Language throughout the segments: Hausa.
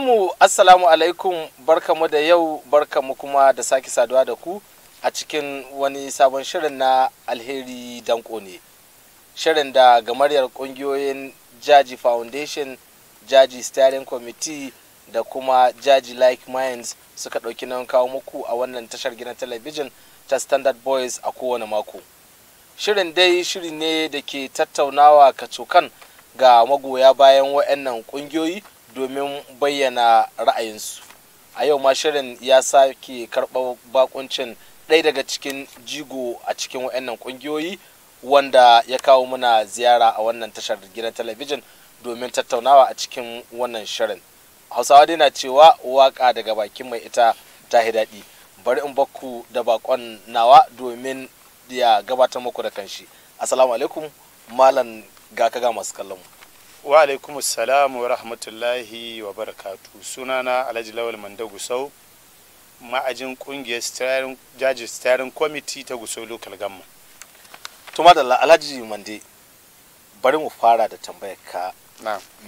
mu assalamu alaikum mu da yau barkamu kuma da sake saduwa da ku a cikin wani sabon shirin na alheri danko ne shirin da gamaryar ƙungiyoyin jaji foundation jaji steering committee da kuma jaji like minds suka ɗauki nan kawo muku a wannan tashar gina talabijin ta standard boys a kowane mako shirin dai shiri ne da ke tattaunawa kacokan ga magoya bayan waɗannan ƙungiyoyi domin bayyana ra'ayinsu a yau ma shirin ya sake karɓar bakuncin ɗaya daga cikin jigo a cikin waɗannan ƙungiyoyi wanda ya kawo muna ziyara a wannan tashar gidan talabijin domin tattaunawa a cikin wannan shirin hausawa dai na cewa waka daga bakin mai ita ta yi daɗi bari in bakku da bakon nawa domin ya gabatar muku da kanshi assalamu alaikum malam ga kaga masu kallon mu wa alaikum salam wa rahmatullahi wa barakatu sunana alhaji lawal manda gusau ma'ajin kungiyar jaji steering committee ta gusau local gamma tuma da alhaji mande bari mu fara da tambayar ka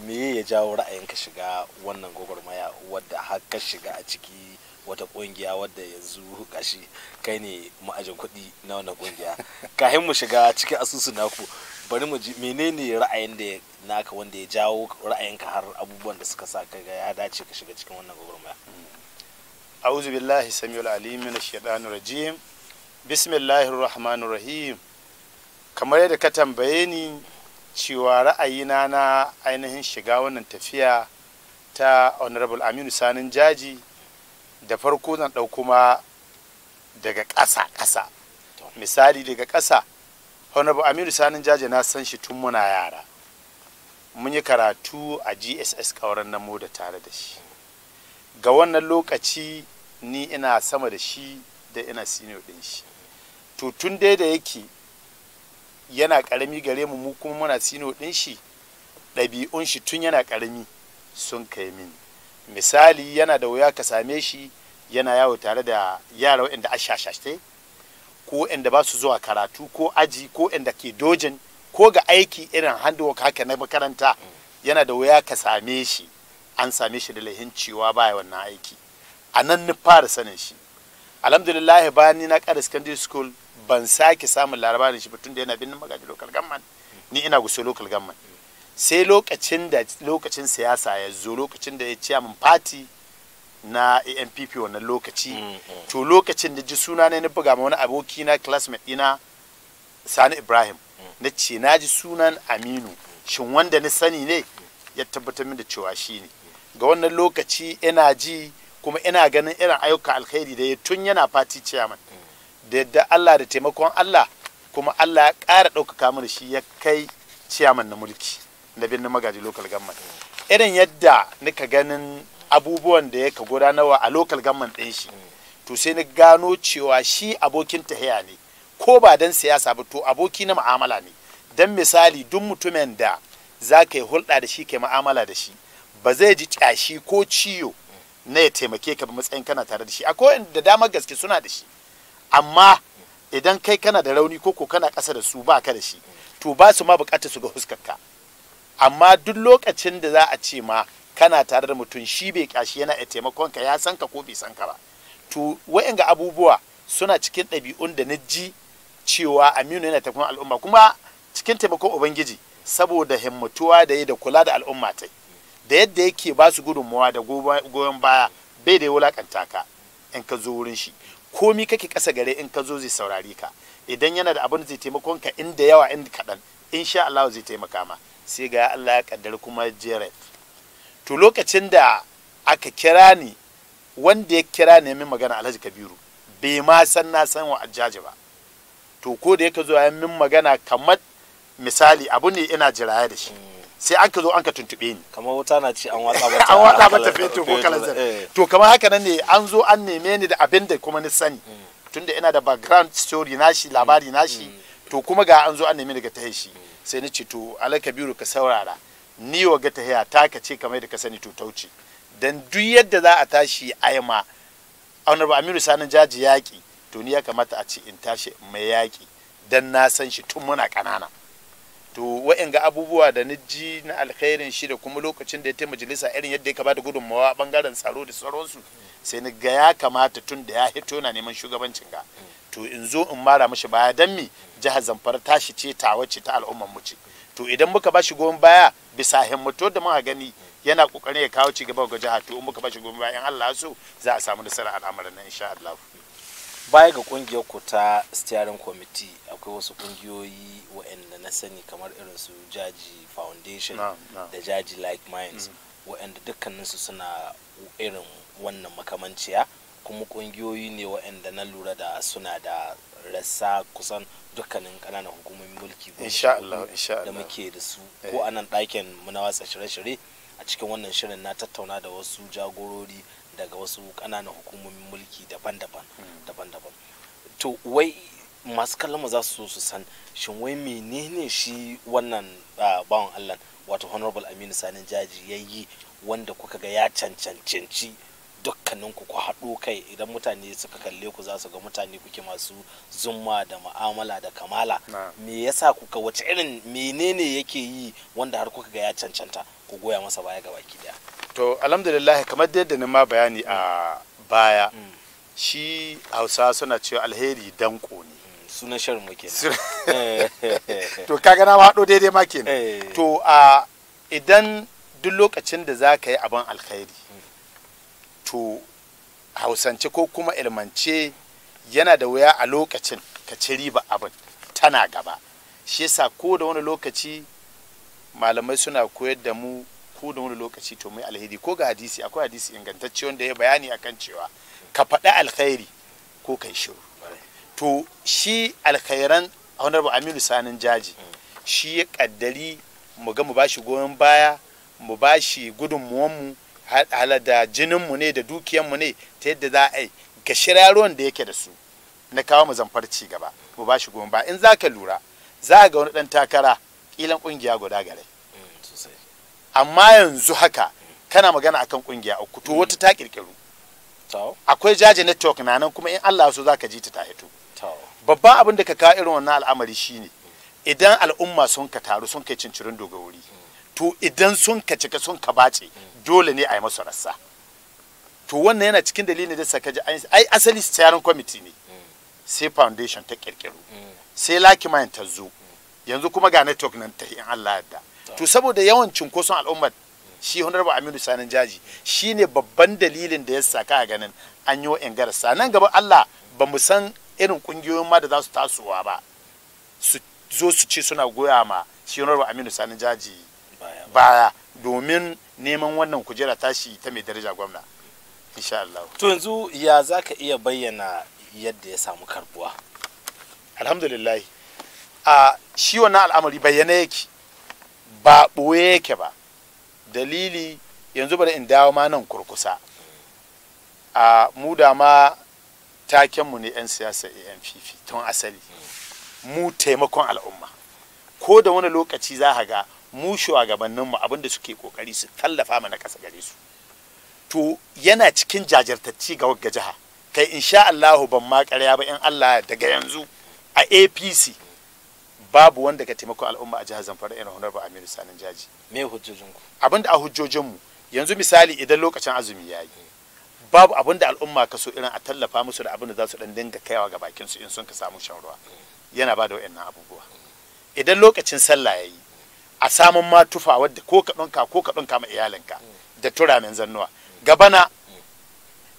me ya jawo ra'ayinka shiga wannan gwagwarmaya wadda har ka shiga a ciki wata kungiya wadda yanzu kashi kai ne ma'ajin kuɗi na wannan kungiya kahin mu shiga cikin asusu naku bari mu ji menene ra'ayin da naka wanda ya jawo ra'ayinka har abubuwan da suka sa ka ga ya dace ka shiga cikin wannan gwagwarmaya a'udhu billahi samiul alim ash-shaytanir rajim bismillahir rahmanir rahim kamar yadda ka tambaye ni cewa ra'ayina na ainihin shiga wannan tafiya ta honorable aminu sanin jaji da farko zan ɗau kuma daga ƙasa ƙasa misali daga ƙasa honorable aminu sanin jaje na san shi tun muna yara mun yi karatu a gss ƙauren namo da tare da shi ga wannan lokaci ni ina sama da shi da ina senior ɗin shi to tun dai da yake yana ƙarami gare mu mu kuma muna senior ɗin shi ɗabi'un shi tun yana ƙarami sun kai mini misali yana da wuya ka same shi yana yawo tare da yara inda a shashashte ko inda ba su zuwa karatu ko aji ko inda ke dojin ko ga aiki irin handwork haka na makaranta yana da wuya ka same shi an same shi da lahin cewa baya wannan aiki a nan ni fara sanin shi alhamdulillah ni na ƙara secondary school ban sake samun larabarin shi ba tun da yana bin magaji local government ni ina guso local government sai lokacin da lokacin siyasa ya zo lokacin da ya ciyaman fati na ampp wannan lokaci mm-hmm. to lokacin da ji suna ne na buga wani aboki na classmate ɗina sani ibrahim mm-hmm. na ce na ji sunan aminu mm-hmm. shin wanda ni sani ne ya tabbatar min da cewa shi ne ga wannan lokaci ina ji kuma ina ganin irin ayyuka alkhairi da ya tun yana fati chairman da yadda allah da taimakon allah kuma allah ya ƙara ɗaukaka mini shi ya kai chairman na mulki na birnin magaji local government irin yadda nika ganin abubuwan da ya ka gudanarwa a local government ɗin shi to sai ni gano cewa shi abokin tahiya ne ko ba dan siyasa ba to aboki na ma'amala ne dan misali duk mutumin da za ka hulɗa da shi ka mu'amala da shi ba zai ji ƙyashi ko ciwo na ya taimake ka matsayin kana tare da shi akwai da damar gaske suna da shi amma idan kai kana da rauni ko ko kana ƙasa da su ba ka da shi to ba su ma buƙatar su ga huskarka amma duk lokacin da za a ce ma kana tare da mutum shi bai kyashi yana iya taimakon ka ya san ka ko bai san ka ba to wa'in ga abubuwa suna cikin ɗabi'un da na ji cewa aminu yana taimakon al'umma kuma cikin taimakon ubangiji saboda himmatuwa da ya da kula da al'umma ta da yadda yake ba su gudunmawa da goyon baya bai da wulakanta ka in ka zo wurin shi komi kake ƙasa gare in ka zo zai saurari ka idan yana da abin zai taimakon ka inda yawa in kaɗan in sha Allah zai taimaka ma sai ga Allah ya kaddar kuma Jared to lokacin da aka kira ni wanda ya kira ne min magana Alhaji Kabiru bai ma san na san wa ajaji ba to ko da yake zo ya min magana kamar misali abu ne ina jiraya da shi sai an ka zo an ka tuntube ni kamar wuta na ci an watsa ba an watsa ba tafiye to ko kalazar eh. to kamar haka nan ne an zo an neme ni da abin da kuma ni sani mm. tunda ina da background story nashi labari nashi mm. to kuma ga an zo an neme ni daga tahe shi mm. sai ni ce to alakabiru ka saurara ni wa ga tahiya ta ka ce kamar da ka sani to tauci dan duk yadda za a tashi aima honorable amiru sanin jaji yaki to ni ya kamata a ce in tashi mai yaƙi dan na san shi tun muna kanana to wa'in ga abubuwa da ni ji na alkhairin shi da kuma lokacin da ya taimaka majalisa irin yadda ya kamata gudunmawa bangaren tsaro da sauransu sai ni ga ya kamata tun da ya hito na neman shugabancin ga to in zo in mara mishi baya dan mi jihar zamfara tashi ce ta wacce ta al'ummar mu ce to idan muka bashi goyon baya bisa himmato da muka gani yana kokarin ya kawo ci gaba ga jihar to in muka bashi goyon baya in Allah so za a samu nasara al'amarin nan insha Allah baya ga kungiyar ku ta steering committee akwai wasu kungiyoyi waɗanda na sani kamar irin su jaji foundation da jaji like minds mm. waɗanda dukkaninsu suna irin wannan makamanciya kuma kungiyoyi ne waɗanda na lura da suna da rasa kusan dukkanin ƙananan hukumomin mulki da muke da su eh. ko a nan ɗakin muna watsa shirye-shirye a cikin wannan shirin na tattauna da wasu jagorori daga wasu ƙananan hukumomin mulki daban-daban hmm. daban-daban to wai masu kallama za su so su san shin wai menene shi wannan ah, bawan allah wato honorable aminu Sani jaji ya yi wanda kuka ga ya cancanci dukkanin ku ku haɗo kai idan mutane suka kalle ku za su ga mutane kuke masu zumma da ma'amala da kamala me yasa kuka wace irin menene yake yi wanda har kuka ga ya cancanta ku goya masa baya ga baki daya to alhamdulillah kamar yadda na ma bayani a baya mm. shi hausa suna cewa alheri danko ne mm, sunan shirin mu to kaga na ma daidai ma kenan eh. to a idan duk lokacin da za ka yi abin alkhairi mm. to hausance ko kuma ilmance yana da wuya a lokacin ka ci riba abin tana gaba shi yasa ko da wani lokaci malamai suna koyar da mu ko da wani lokaci to mai alheri ko ga hadisi akwai hadisi ingantacce wanda ya bayani akan cewa ka faɗi alkhairi ko kai shiru to shi alkhairan honorable aminu sanin jaji shi ya kaddari mu ga mu bashi goyon baya mu bashi gudunmuwanmu mu hala da jininmu ne da dukiyanmu ne ta yadda za a yi ga shirarwan da yake da su na kawo mu zamfar ci gaba mu ba shi goma ba in za ka lura za a ga wani dan takara kilan kungiya guda gare mm, amma yanzu haka kana magana akan ƙungiya uku to wata ta ƙirƙiru akwai jaji network na nan kuma in Allah so za ka ji ta ta hito babban abin da ka kawo irin wannan al'amari shine idan al'umma sun ka taru sun kai cincirin doga wuri mm. to idan sun ka cika sun ka bace dole ne a yi masu rassa to wannan yana cikin dalilin da saka ji ai asali steering committee ne sai foundation ta kirkiro sai laki ta zo yanzu kuma ga network nan ta in Allah yadda to saboda yawan cinkoson al'ummar shi honorable aminu sanin jaji shine babban dalilin da ya saka a ganin an yi wa'in garasa nan gaba allah ba mu san irin kungiyoyin ma da za su tasowa ba su zo su ce suna goya ma shi honorable aminu sanin jaji baya domin neman wannan kujera tashi ta mai daraja gwamna insha Allah to yanzu ya zaka iya bayyana yadda ya samu karbuwa alhamdulillah a shi wannan al'amari bayyana yake ba ɓoye yake ba dalili yanzu bari in dawo ma nan kurkusa a mu da ma takenmu ne 'yan siyasa ampp tun asali mu taimakon al'umma ko da wani lokaci za ga mu shugabanninmu abin abinda suke kokari su tallafa mana kasa gare su to yana cikin jajirtacci ga wagga jiha kai insha Allah ban ma ƙarya ba in Allah daga yanzu a APC babu wanda ka taimako al'umma a jihar Zamfara irin ba Aminu Sanin Jaji me hujjojinku abinda a hujjojinmu yanzu misali idan lokacin azumi yi. babu da al'umma ka so irin a tallafa musu da abin da za su dan dinga kaiwa ga bakin su in sun ka samu shan ruwa yana ba da wayannan abubuwa idan lokacin sallah ya yi a samun ma tufa wadda ko ka ɗunka ko ka ɗunka ma iyalinka da tura min zannuwa gabana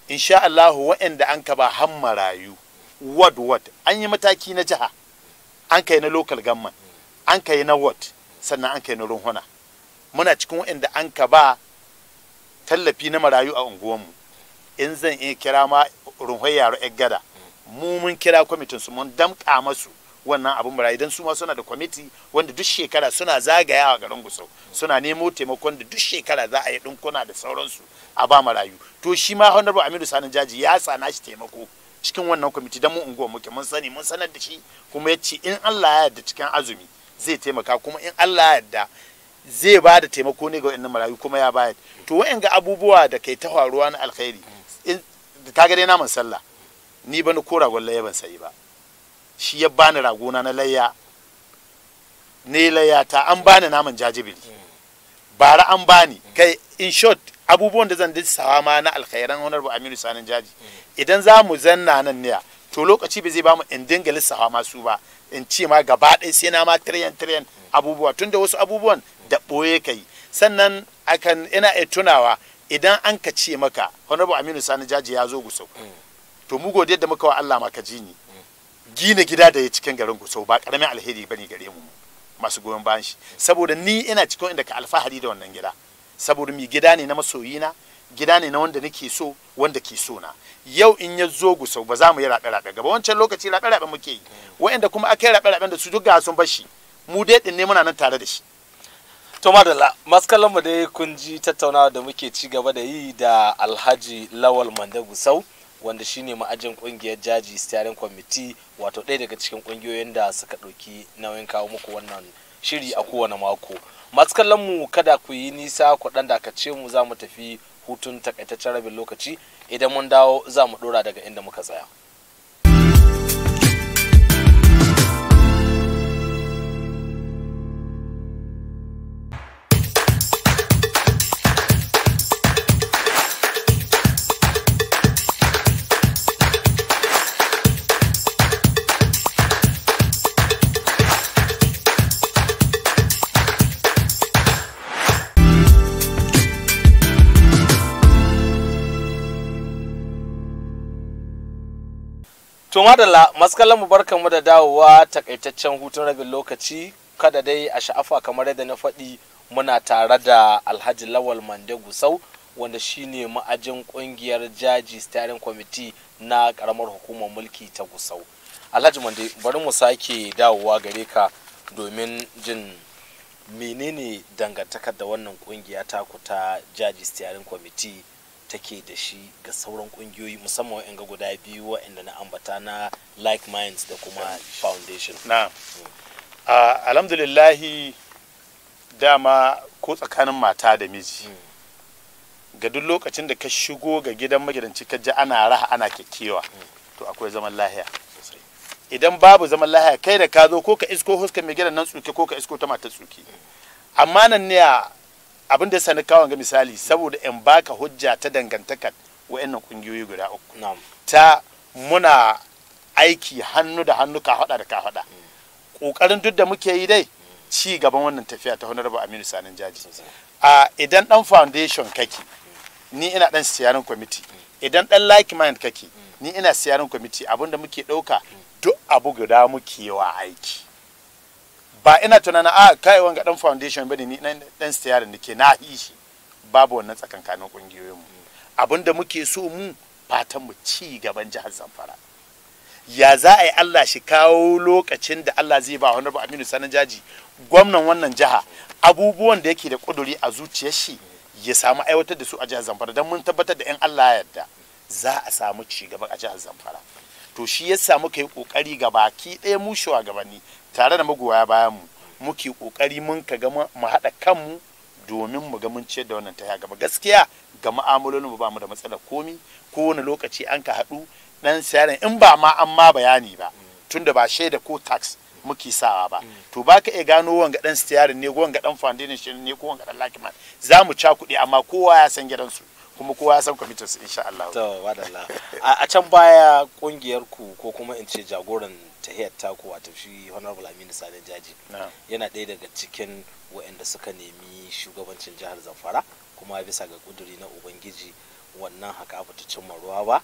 insha Allahu wa'anda an ka ba han marayu wad wad an yi mataki na jiha an kai na local gamman an kai na wad sannan an kai na runhuna muna cikin wa'anda an ka ba tallafi na marayu a unguwanmu in zan iya kira ma runhun yaro yan gada mu mun kira kwamitin su mun damƙa masu wannan abin marayu don su ma suna da kwamiti wanda duk shekara suna zagaya a garin gusau suna nemo taimakon da duk shekara za a yi dinkuna da sauransu a ba marayu to shi ma honorable aminu sanin jaji ya tsana shi taimako cikin wannan kwamiti don mu unguwa muke mun sani mun sanar da shi kuma ya ce in allah ya yarda cikin azumi zai taimaka kuma in allah ya yarda zai ba da taimako ne ga wannan marayu kuma ya bayar to ga abubuwa da kai ta faruwa na alkhairi ga dai naman sallah ni ba ni kora ragon ya ban sayi ba shi ya bani ragona na layya ne layya ta an bani naman jajibili bara an bani kai in short abubuwan da zan dissawa ma na alkhairan ba aminu sanin jaji idan za mu zanna nan ne to lokaci bai zai ba mu in dinga lissawa su ba in ce ma gaba ɗaya sai na ma tiriyan tiriyan abubuwa tunda wasu abubuwan da ɓoye kai sannan akan ina iya tunawa idan an ka ce maka ba aminu sani jaji ya zo gusau to mu godiya da muka wa allah maka ji ni gina gida da ya cikin garin gusau ba karamin alheri bane gare mu masu goyon bayan shi saboda ni ina cikin inda ka alfahari da wannan gida saboda mi gida ne na masoyina gida ne na wanda nake so wanda ke so na yau in ya zo gusau ba za mu yi rabe rabe gaba wancan lokaci rabe rabe muke yi wa'anda kuma aka yi rabe raben da su duk ga sun bar shi mu dai din ne muna nan tare da shi to madalla maskalan mu dai kun ji tattaunawa da muke ci gaba da yi da alhaji lawal manda gusau wanda shine ma'ajin kungiyar jaji steering committee wato ɗaya daga cikin kungiyoyin da suka ɗauki nauyin kawo muku wannan shiri a kowane mako masu kallon mu kada ku yi nisa ku ɗan dakace mu za mu tafi hutun takaitaccen rabin lokaci idan mun dawo za mu ɗora daga inda muka tsaya To madalla maskalan mu mu da dawowa takaitaccen hutun rabin lokaci kada dai a sha'afa kamar yadda na faɗi muna tare da Alhaji Lawal Mande Gusau wanda shine ma'ajin kungiyar jaji steering committee na karamar hukumar mulki ta Gusau. Alhaji Mande bari mu sake dawowa gare ka domin jin menene dangantakar da wannan kungiya taku ta jaji steering committee take da shi ga sauran kungiyoyi musamman wa'in ga guda biyu wa'inda na ambata na like minds da kuma foundation na hmm. alhamdulillahi dama ko tsakanin mata da miji hmm. ga duk lokacin da ka shigo ga gidan magidanci ka ji ana raha ana kekewa hmm. to akwai zaman lahiya idan babu zaman lahiya kai da ka zo ko ka isko huskar mai gidan nan tsuke ko ka isko ta mata tsuke amma nan ne a abin da sani kawon ga misali saboda in baka hujja ta dangantakar wa'annan kungiyoyi guda uku ta muna aiki hannu da hannu ka hada da ka hada kokarin duk da muke yi dai ci gaban wannan tafiya ta honorable Aminu Sanin Jaji a idan dan foundation kake ni ina dan siyarin committee idan dan like mind kake ni ina siyarin committee abinda muke dauka duk abu guda muke wa aiki ba ina tunanin a ah, kai wanga dan foundation bane ni dan dan steering nake na yi shi babu wannan tsakankanin kungiyoyin mu abinda muke so mu fatan mu ci gaban jihar Zamfara ya za a yi Allah shi kawo lokacin da Allah zai ba honorable Aminu Sanan Jaji gwamnan wannan jiha abubuwan da yake da kuduri a zuciyar shi ya samu aiwatar da su a jihar Zamfara dan mun tabbatar da in Allah ya yarda za a samu ci gaban a jihar Zamfara to shi ya samu kai kokari ga baki ɗaya mu shugabanni tare da magoya bayan mu muke kokari mun ka ga mu haɗa kanmu domin mu ga mun ce da wannan ta gaba gaskiya ga mu'amalolin mu ba mu da matsalar komi wani lokaci an ka haɗu dan sayarin in ba ma an ma bayani ba tunda ba shaida ko tax muke sawa ba to baka iya gano wanga dan siyaran ne ko wanga dan foundation ne ko wanga dan lakiman za mu ca kuɗi amma kowa ya san gidansu su kuma kowa ya san kwamitin su insha Allah to wadalla a can baya kungiyar ku ko kuma in ce jagoran tahiyar taku wato shi honorable Aminu Sani Jaji yana ɗaya daga cikin waɗanda suka nemi shugabancin jihar Zamfara kuma bisa ga kuduri na ubangiji wannan haka ba ta cimma ruwa ba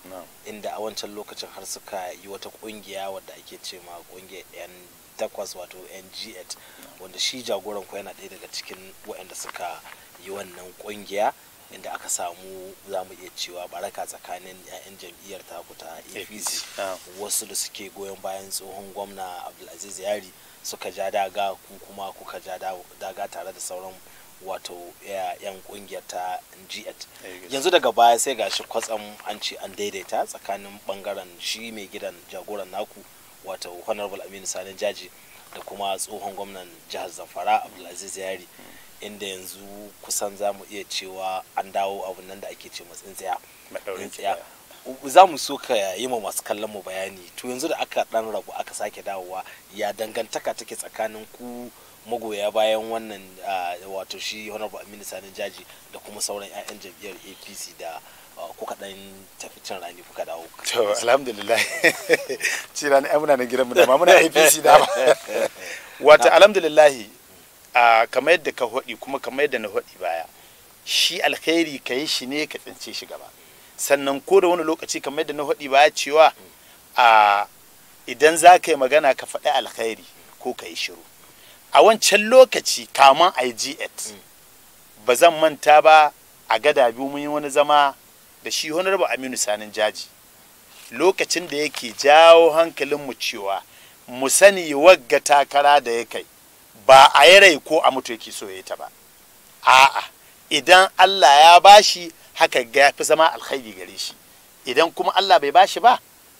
inda a wancan lokacin har suka yi wata kungiya wadda ake ce ma kungiyar yan takwas wato ngh wanda shi jagoran ku yana ɗaya daga cikin waɗanda suka yi wannan kungiya inda aka samu za mu iya cewa baraka tsakanin 'ya'yan jam'iyyar ta ta apc ah. wasu da suke goyon bayan tsohon gwamna abdulaziz yari suka ja daga ku kuma kuka ja daga tare da sauran wato 'yan kungiyar ta jet eh, yanzu daga baya sai gashi kwatsam an ce an daidaita tsakanin bangaren shi mai gidan jagoran naku wato honorable aminu sanin jaji da kuma tsohon gwamnan jihar zamfara abdulaziz yari hmm. inda yanzu kusan za mu iya cewa an dawo abu nan da ake ce tsintsiya tsintsiya za mu so ka yi ma masu kallon mu bayani to yanzu da aka dan rabu aka sake dawowa ya dangantaka take tsakanin ku magoya bayan wannan ah, wato shi honorable aminu sani jaji da kuma sauran 'ya'yan jam'iyyar apc da ah, kuka dan tafi cin rani kuka dawo to alhamdulillah ci rani ai muna nan gidan mu da ma muna apc da wato alhamdulillah a kamar yadda ka hodi kuma kamar yadda na hodi baya shi alkhairi ka yi shi ne ka tsince shi gaba sannan ko da wani lokaci kamar yadda na hodi baya cewa idan za ka yi magana ka faɗi alkhairi ko ka yi shiru a wancan lokaci kamun IGF ba zan manta ba a gada biyu mun yi wani zama da shi honorable Aminu Sanin Jaji lokacin da yake jawo hankalinmu cewa mu sani wagga takara da ya kai ba a yi rai ko a mutu yake so ya ta ba a'a idan Allah ya bashi haka ya fi zama alkhairi gare shi idan kuma Allah bai bashi ba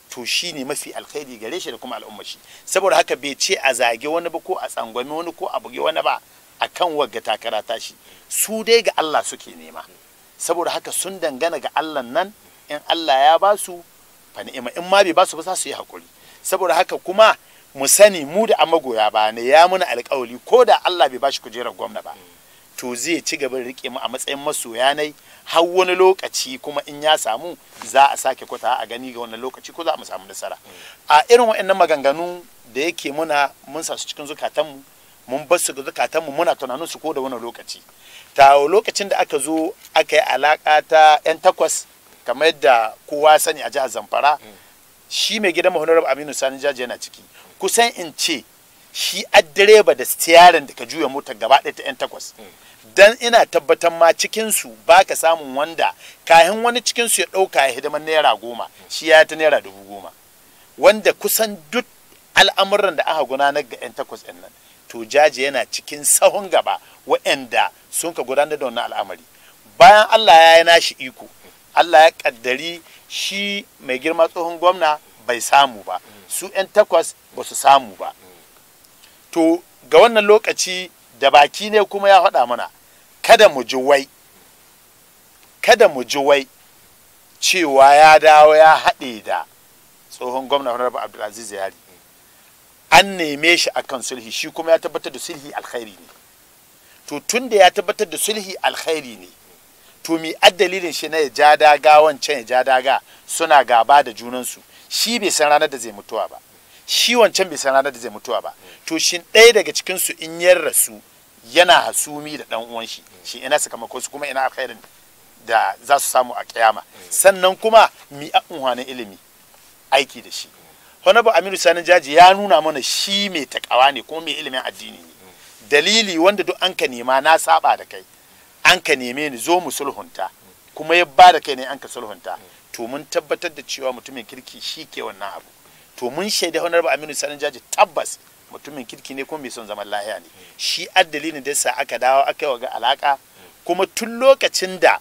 to shi ne mafi alkhairi gare shi da kuma al'ummar shi saboda haka bai ce a zage wani ba ko a tsangwami wani ko a buge wani ba akan wagga takara ta shi. su dai ga Allah suke nema saboda haka sun dangana ga Allah nan in Allah ya ba su fa ni'ima in ma bai ba su ba za su yi haƙuri. saboda haka kuma mu sani mu da an magoya ba ne ya muna alkawali ko da Allah bai bashi kujerar gwamna ba to zai ci gaba da rike mu a matsayin masoya nai har wani lokaci kuma in ya samu za a sake kwata a gani ga wannan lokaci ko za mu samu nasara a irin waɗannan maganganu da yake muna mun sa su cikin zukatanmu mun bar su zukatanmu muna tunanin su ko da wani lokaci ta lokacin da aka zo aka yi alaka ta yan takwas kamar yadda kowa sani a jihar zamfara shi mai gidan honorable aminu sani jaji yana ciki kusan in ce shi direba da stiyarin da ka juya motar gaba ɗaya ta 'yan takwas mm. dan ina tabbatar ma cikinsu ba ka samun wanda kahin wani cikinsu ya ɗauka ya hidimar naira goma mm. shi ya ta naira dubu goma wanda kusan duk al'amuran da aka gudanar ga 'yan takwas ɗin nan to jaji yana cikin sahun gaba wa'anda sun ka gudanar da wannan al'amari bayan allah ya yi nashi iko mm. allah ya ƙaddari shi mai girma tsohon gwamna bai samu ba su 'yan takwas ba su samu ba to ga wannan lokaci da baki ne kuma ya faɗa mana kada mu ji wai kada mu ji wai cewa ya dawo ya haɗe da tsohon gwamna honorable abdulaziz yari an neme shi akan sulhi shi kuma ya tabbatar da sulhi alkhairi ne to tun da ya tabbatar da sulhi alkhairi ne to mi addalilin shi na ya ja daga wancan ya ja daga suna gaba da junansu shi bai san ranar da zai mutuwa ba shi wancan bai san ranar da zai mutuwa ba to shin ɗaya daga cikin su in yar rasu yana hasumi da dan uwan shi shi ina sakamako su kuma ina alkhairin da za su samu a kiyama sannan kuma mi a ilimi aiki da shi honorable aminu sani jaji ya nuna mana shi mai takawa ne kuma mai ilimin addini ne dalili wanda duk an ka nema na saba da kai an ka neme ni zo mu sulhunta kuma ya ba da kai ne an ka sulhunta to mun tabbatar da cewa mutumin kirki shi ke wannan abu to mun shaida ba aminu sanin jaji tabbas mutumin kirki ne kuma mai son zaman lahiya ne shi ne da sa aka dawo aka yi wa ga alaka kuma tun lokacin da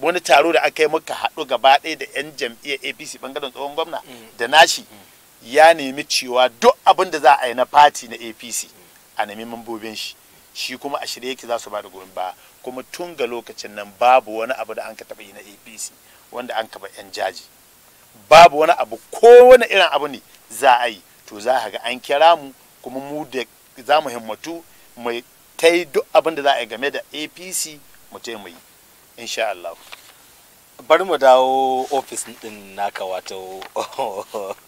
wani taro da aka yi muka haɗu gaba ɗaya da 'yan jam'iyyar apc bangaren tsohon gwamna da nashi ya nemi cewa duk abin da za a yi na fati na apc a nemi mambobin shi shi kuma a shirye yake za su ba da goyon ba kuma tun ga lokacin nan babu wani abu da an ka taɓa yi na apc wanda an kaba yan jaji babu wani abu ko wani irin abu ne za a yi to za a ga an kira mu kuma mu da za mu himmatu mai ta yi duk abin da za a yi game da apc mu ta mu yi insha Allah bari mu dawo ofis din naka wato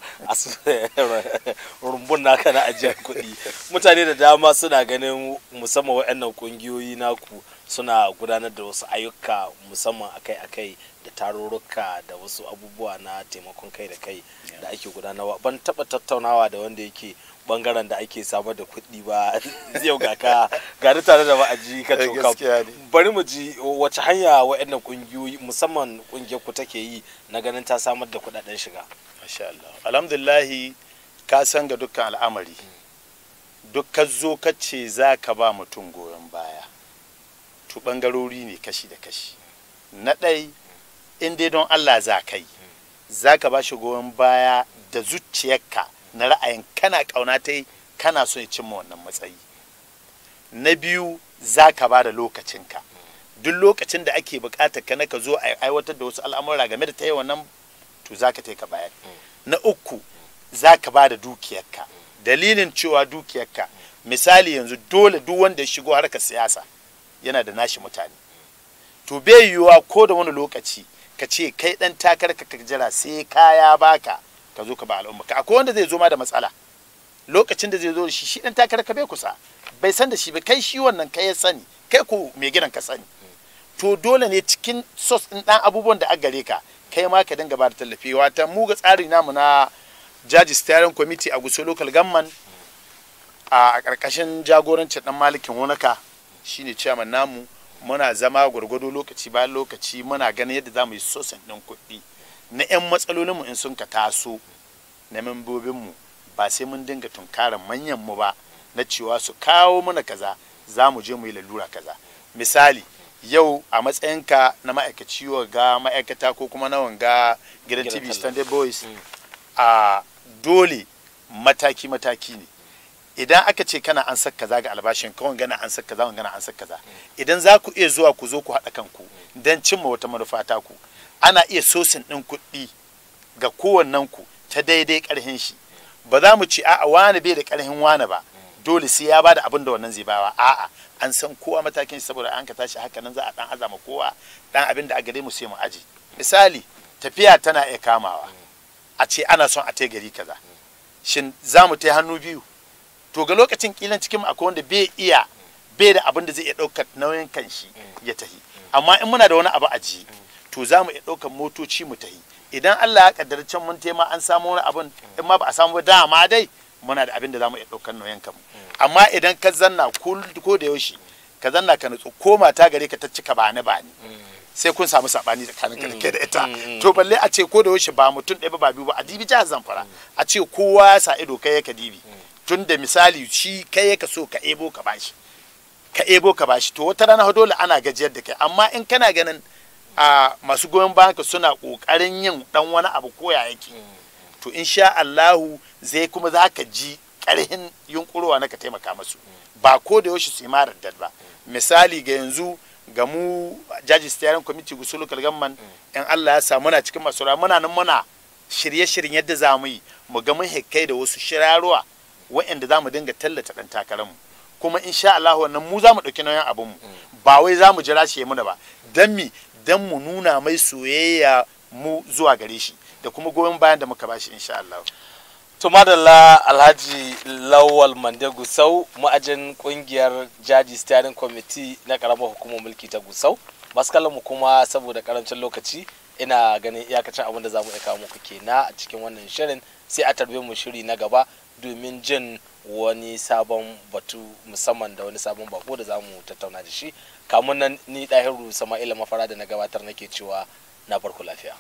rumbun naka na ajiyar kuɗi mutane da dama suna ganin musamman waɗannan ƙungiyoyi naku suna gudanar da wasu ayyuka musamman akai-akai da tarurruka da wasu abubuwa na taimakon kai da kai da ake gudanarwa ban taba tattaunawa da wanda yake bangaren da ake samar da kuɗi ba yau ga ka gari tare da ma'aji ka coka eh, bari mu ji wace hanya waɗannan ƙungiyoyi musamman ƙungiyar ku take yi na ganin ta samar da kuɗaɗen shiga masha Allah alhamdulillahi ka san ga dukkan al'amari mm. duk ka zo ka ce za ka ba mutum goyon baya to bangarori ne kashi da kashi na ɗai in dai don allah za ka yi za ka ba shi goyon baya da zuciyarka na ra'ayin kana ƙauna ta yi kana so ya cimma wannan matsayi na biyu za ka ba da lokacinka duk lokacin da ake buƙatar ka na ka zo a aiwatar da wasu al'amura game da ta yi wannan to za ka ka bayar na uku za ka ba da dukiyarka dalilin cewa dukiyarka misali yanzu dole duk wanda ya shigo harkar siyasa yana da nashi mutane to bai yiwuwa ko da wani lokaci ka ce kai dan takar ka jira sai kaya baka ka zo ka ba al'umma ka akwai wanda zai zo ma da matsala lokacin da zai zo shi shi dan takar ka bai kusa bai san da shi ba kai shi wannan kai ya sani kai ko mai gidan ka sani to dole ne cikin sos din dan abubuwan da gare ka kai ma ka dinga ba da tallafi wata mu ga tsari namu na jaji steering committee a guso local government a karkashin jagorancin dan malikin wunaka shine chairman namu muna zama gwargwado lokaci bayan lokaci muna ganin yadda za mu yi sosan ɗin kuɗi na 'yan matsalolinmu in sun ka taso na membobinmu ba sai mun dinga tunkarar manyanmu ba na cewa su kawo mana kaza za mu je mu yi lalura kaza misali yau a matsayinka na ma'aikaci wa ga ma'aikata ko kuma na wanga gidan tv standard boys mm. a dole mataki-mataki ne idan aka ce kana an saka kaza ga albashin kawai gana an saka kaza gana an saka kaza idan za ku iya zuwa ku zo ku haɗa kanku don cimma wata manufa ta ku ana iya sosin ɗin kuɗi ga kowannen ku ta daidai ƙarhin shi ba za mu ci a'a wani bai da ƙarhin wani ba dole sai ya bada abin da wannan zai bawa a'a an san kowa matakin shi saboda an ka tashi haka nan za a dan azama kowa ɗan abin da a gare mu sai mu aji misali tafiya tana iya kamawa a ce ana son a tai gari kaza shin za mu tai hannu biyu to ga lokacin kilan cikin akwai wanda bai iya bai da abin da zai iya ɗaukar nauyin kan shi ya tahi amma in muna da wani abu a ji to za mu iya ɗaukar motoci mu tahi idan Allah ya kaddara can mun tema an samu wani abin in ma ba a samu dama dai muna da abin da za mu iya ɗaukar nauyin kanmu amma idan ka zanna ko da yaushe ka zanna ka nutsu ko ta gare ka ta cika ba ni ba ni sai kun samu sabani tsakanin ka da ita to balle a ce ko da yaushe ba mutum ɗaya ba ba biyu ba a dibi jihar zamfara a ce kowa ya sa ido kai ya ka dibi tun da misali shi kai ka so ka ebo ka bashi ka ebo ka bashi to wata rana dole ana gajiyar da kai amma in kana ganin a masu goyon banka suna kokarin yin dan wani abu ko ya yake to insha Allahu zai kuma za ka ji karhin yunkurowa na ka taimaka masu ba ko da yaushe su yi marar ba misali ga yanzu ga mu jaji steering committee gusul kalgamman in Allah ya sa muna cikin masu muna nan muna shirye-shiryen yadda za mu yi mu ga mun hekai da wasu shirarwa waɗanda za mu dinga tallata ɗan takararmu kuma insha Allah wannan mu za mu ɗauki nauyin abin mu ba wai za mu jira shi ya muna ba dan mi dan mu nuna mai soyayya mu zuwa gare shi da kuma goyon bayan da muka bashi insha Allah to madalla alhaji lawal mande gusau ma'ajin kungiyar jaji steering committee na karamar hukumar mulki ta gusau masu mu kuma saboda karancin lokaci ina ganin iyakacin abin da za mu iya kawo muku kenan a cikin wannan shirin sai a tarbe mu shiri na gaba domin jin wani sabon batu musamman da wani sabon bako da za mu tattauna da shi kamun nan ni ɗahiru sama'ila mafara da na gabatar nake cewa na farko lafiya.